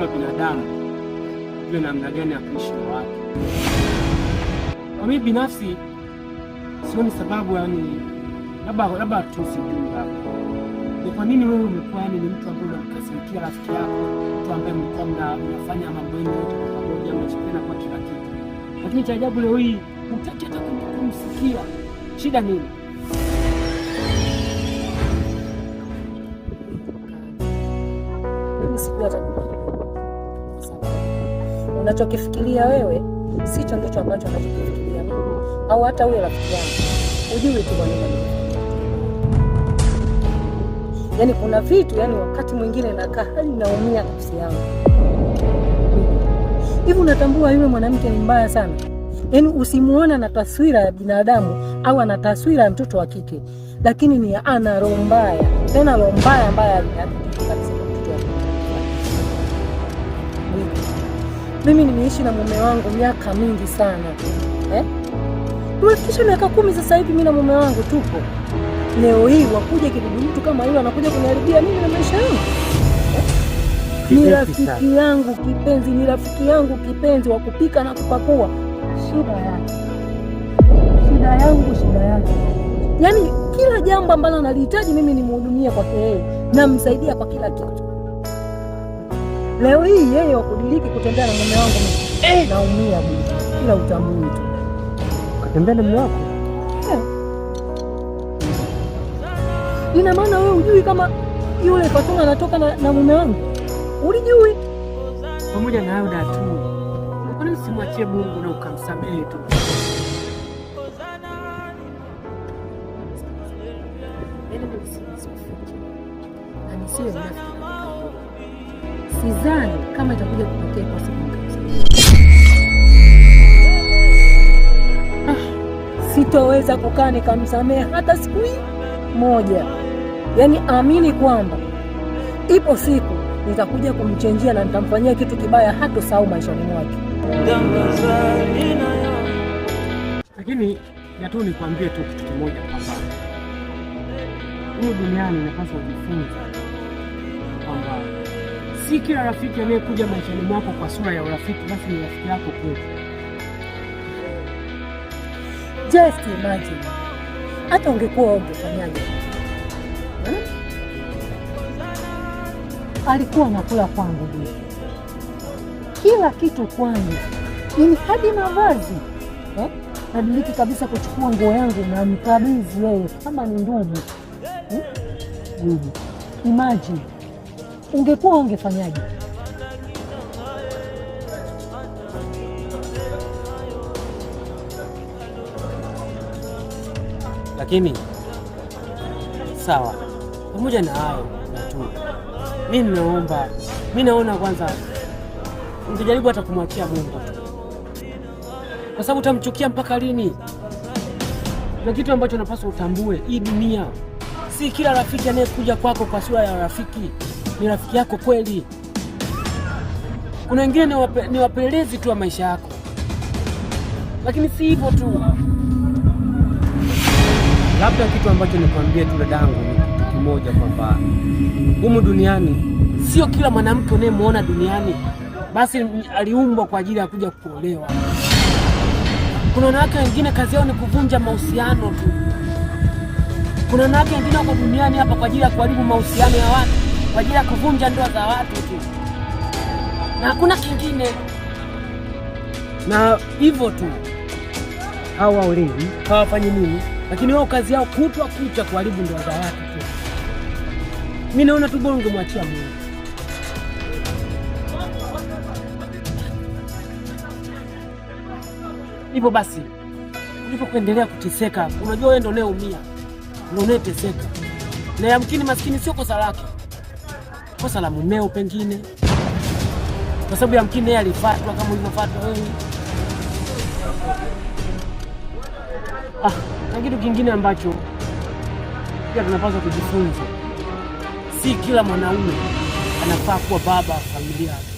kama binadamu tujue namna gani ya kuishi na watu. Kwa mimi binafsi sioni sababu, yani labda labda tusijui hapo ni kwa nini wewe umekuwa yaani ni mtu ambaye unakasirikia rafiki yako, mtu ambaye mlikuwa mnafanya mambo yenu yote kwa pamoja, mnachipenda kwa kila kitu, lakini cha ajabu leo hii hutaki hata kumsikia. Shida nini? unachokifikiria wewe sicho ndicho ambacho anachokifikiria mimi au hata huyo rafiki yangu. Ujui tu bwana. Yaani kuna vitu yani, wakati mwingine nakaa hali naumia nafsi yangu. Hivi unatambua yule mwanamke ni mbaya sana, yaani usimuona na taswira ya binadamu au ana taswira ya mtoto wa kike, lakini ni ana roho mbaya, tena roho mbaya mbaya Mimi nimeishi na mume wangu miaka mingi sana eh? Tumefikisha miaka kumi sasa hivi mimi na mume wangu tupo. Leo hii wakuja kidudu mtu kama yule anakuja kuniharibia mimi na maisha yangu eh? Ni rafiki yangu kipenzi, ni rafiki yangu kipenzi wa kupika na kupakua. Shida yake shida yangu shida yake, yaani kila jambo ambalo analihitaji mimi nimhudumia kwake yeye, namsaidia kwa kila kitu. Leo hii yeye wakudiriki kutembea na mume wangu eh, naumia bwana, kila utambui tu. Katembea na mume wako eh? Ina maana wewe ujui kama yule Fatuma anatoka na, na mume wangu? Ulijui? Pamoja na hayo datu, kwani simwachie Mungu na ukamsamehe tu. Yaani sidhani kama itakuja kutokea kwa siku ah, sitoweza kukaa nikamsamehe hata siku hii moja. Yaani amini kwamba ipo siku nitakuja kumchenjia na nitamfanyia kitu kibaya hatosahau maishani mwake. Lakini natu nikwambie tu kitu kimoja kwamba huyu duniani inapaswa kujifunza kwamba si kila rafiki anayekuja maishani mwako kwa sura ya urafiki basi ni rafiki yako kweli. Just imagine hata ungekuwa ungefanyaje? Hmm? alikuwa anakula kwangu bi kila kitu kwangu, yaani hadi mavazi eh? nadiriki kabisa kuchukua nguo yangu na mkabidhi yeye kama ni ndugu imajini hmm? Imagine ungekuwa ungefanyaje? Lakini sawa, pamoja na hayo tu, mi ninaomba, mi naona kwanza mtajaribu hata kumwachia Mungu tu, kwa sababu utamchukia mpaka lini? Na kitu ambacho napaswa utambue, hii dunia si kila rafiki anayekuja kwako kwa sura ya rafiki ni rafiki yako kweli. Kuna wengine ni, wape, ni wapelelezi tu wa maisha yako, lakini si hivyo tu. Labda kitu ambacho nikwambie tu dadangu ni kitu kimoja, kwamba humu duniani sio kila mwanamke unayemwona duniani basi aliumbwa kwa ajili ya kuja kuolewa. Kuna wanawake wengine kazi yao ni kuvunja mahusiano tu. Kuna wanawake wengine wako duniani hapa kwa ajili ya kuharibu mahusiano ya watu kwa ajili ya kuvunja ndoa za watu tu na hakuna kingine, na hivyo tu hawa walevi hawafanyi nini, lakini wao kazi yao kutwa kucha kuharibu ndoa za watu tu. Mimi naona tu bonge mwachia Mungu. Hivyo basi kuendelea kuteseka, unajua wewe ndio unayeumia, ndio unayeteseka, na yamkini maskini sio kosa lake kosa la mumeo pengine, kwa sababu mkini, yeye alifatwa kama ulivyofatwa wewe. Ah, na kitu kingine ambacho pia tunapaswa kujifunza, si kila mwanaume anafaa kuwa baba familia